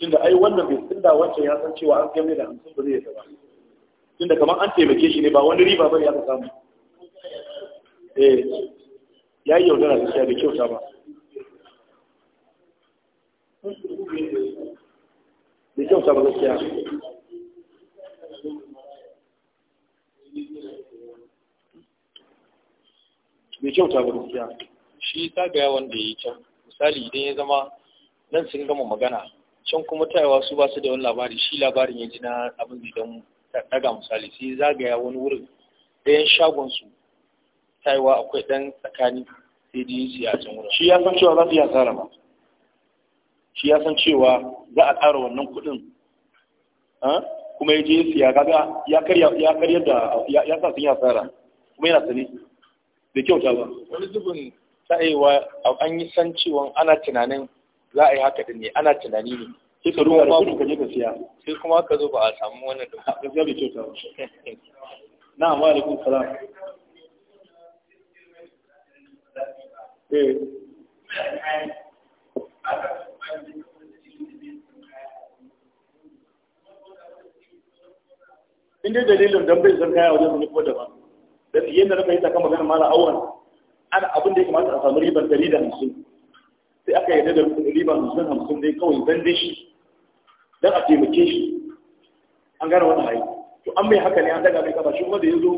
tunda ai wannan bai tunda wancan ya san cewa an kai mai da hamsin ba zai yi ba tunda kamar an taimake shi ne ba wani riba ba bane aka samu eh ya yi yaudara da da kyauta ba da kyauta ba gaskiya bai kyauta ba gaskiya shi gaya wanda ya yi can misali idan ya zama nan sun gama magana can kuma tayawa su ba su da wani labari shi labarin ya ji na abin da don daga misali sai zagaya wani wurin ɗayan shagon su tayawa akwai ɗan tsakani sai da yin siya can wurin shi ya san cewa za su yi asara ba shi ya san cewa za a ƙara wannan kuɗin kuma ya je ya siya kaga ya karya da ya sa sun yi asara kuma yana sani da kyauta ba wani zubin ta'ewa an yi san cewa ana tunanin za a yi haka din ne ana tunani ne sai ka ruwa da kuma ka siya sai kuma ka zo ba a samu wannan da ba ga bai ta na wa alaikum salam eh in dai dalilin don bai san kaya wajen wani ko ba da yadda yi ta kama ganin mala awon ana abin da ya kamata a samu ribar dari da hamsin sai aka yarda da riba hamsin hamsin dai kawai dan dai shi don a taimake shi an gane wani hayi to an mai haka ne an daga mai kafa shi kuma da ya zo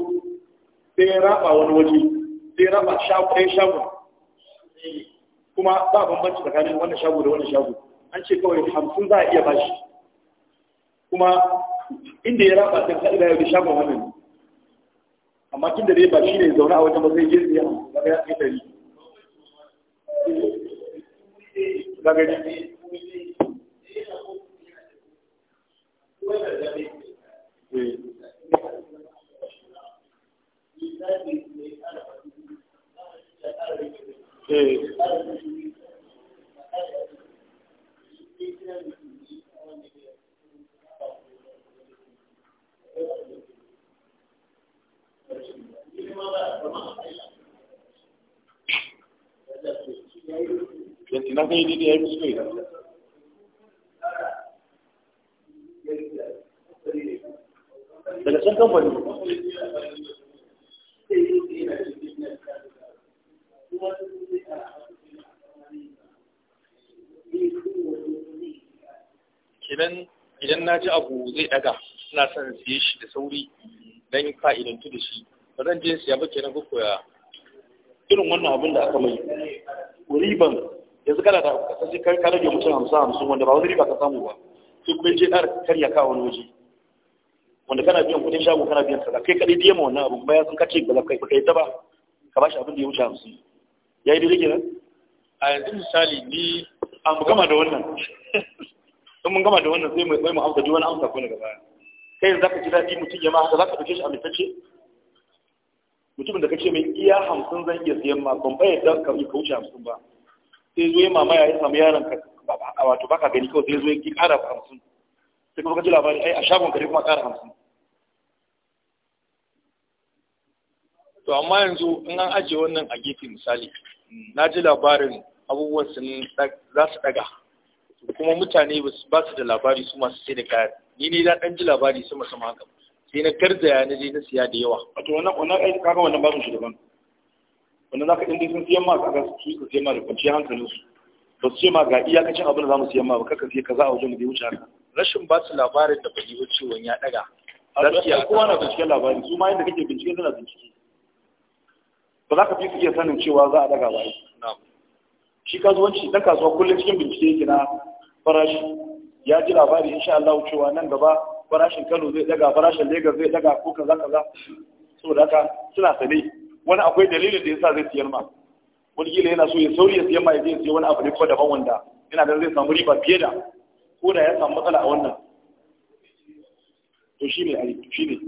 sai ya raba wani waje sai ya raba shagon shago kuma ba bambanci tsakanin wani shago da wani shago an ce kawai hamsin za a iya bashi kuma inda ya raba sai ka ila yau da shagon wannan amma tun da dai ba shi ne zaune a wajen ba sai ya je ya hamsin ya kai ɗari gagari Thank eh. you. Eh. na kai ne da ya fi suke daga can kamfani kenan idan na ji abu zai daga suna son siye shi da sauri don yin fa'idantu da shi ba zan je siya ba kenan ko koya irin wannan abin da aka mai riban yanzu kana da kasance ka rage mutum hamsin hamsin wanda ba wani riba ka samu ba sai kuma je ɗar karya ka wani waje wanda kana biyan kudin shago kana biyan sada kai kaɗai biyan wannan abu bayan sun kace ba kai kai ta ba ka bashi abin da ya wuce hamsin ya yi daidai kenan a yanzu misali ni an mu gama da wannan in mun gama da wannan sai mu mu amsa duk wani amsa ko daga gaba kai yanzu zaka ji dadi mutum ya ma haka zaka dauke shi a mintacce mutumin da kace mai iya hamsin zan iya siyan ma ban bayar da ka wuce hamsin ba sai zo ya mamaya ya samu yaron ka a wato baka gani kawai sai zo ya kara hamsin sai kuma ka ji labari ai a shagon kare kuma kara hamsin to amma yanzu in an ajiye wannan a gefe misali na ji labarin abubuwan sun za su daga kuma mutane ba su da labari su masu sai da kaya ni ne na ɗan ji labari sama sama haka sai na garzaya na je na siya da yawa wato wannan wannan ai kaga wannan babu shi daban wanda za ka ɗin sun siyan ma ka su su siyan ma da kwanciyar hankalinsu ba su ce ma ga iyakacin abin da za mu siyan ma ba kaka siya kaza a wajen da bai wuce haka rashin ba su labarin da bai yi wucewa ya daga. gaskiya kowa na bincike labari su ma yadda kake bincike suna bincike ba za ka fi su iya sanin cewa za a daga ba shi kasuwanci dan kasuwa kullum cikin bincike yake na farashi ya ji labari insha Allah cewa nan gaba farashin Kano zai daga farashin Lagos zai daga ko kaza kaza saboda haka suna sane wani akwai dalilin da yasa zai siyar ma wani gila yana so ya sauri ya siyar ma ya je siya wani abu ne kuma daban wanda yana da zai samu riba fiye da ko da ya samu matsala a wannan to yi shi ne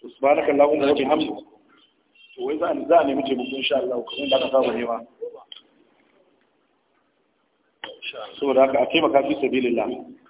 to kan allahumma wa bihamdika to wai za a nemi taimakon mun insha Allah kuma da ka saba ne saboda haka a taimaka fi sabilillah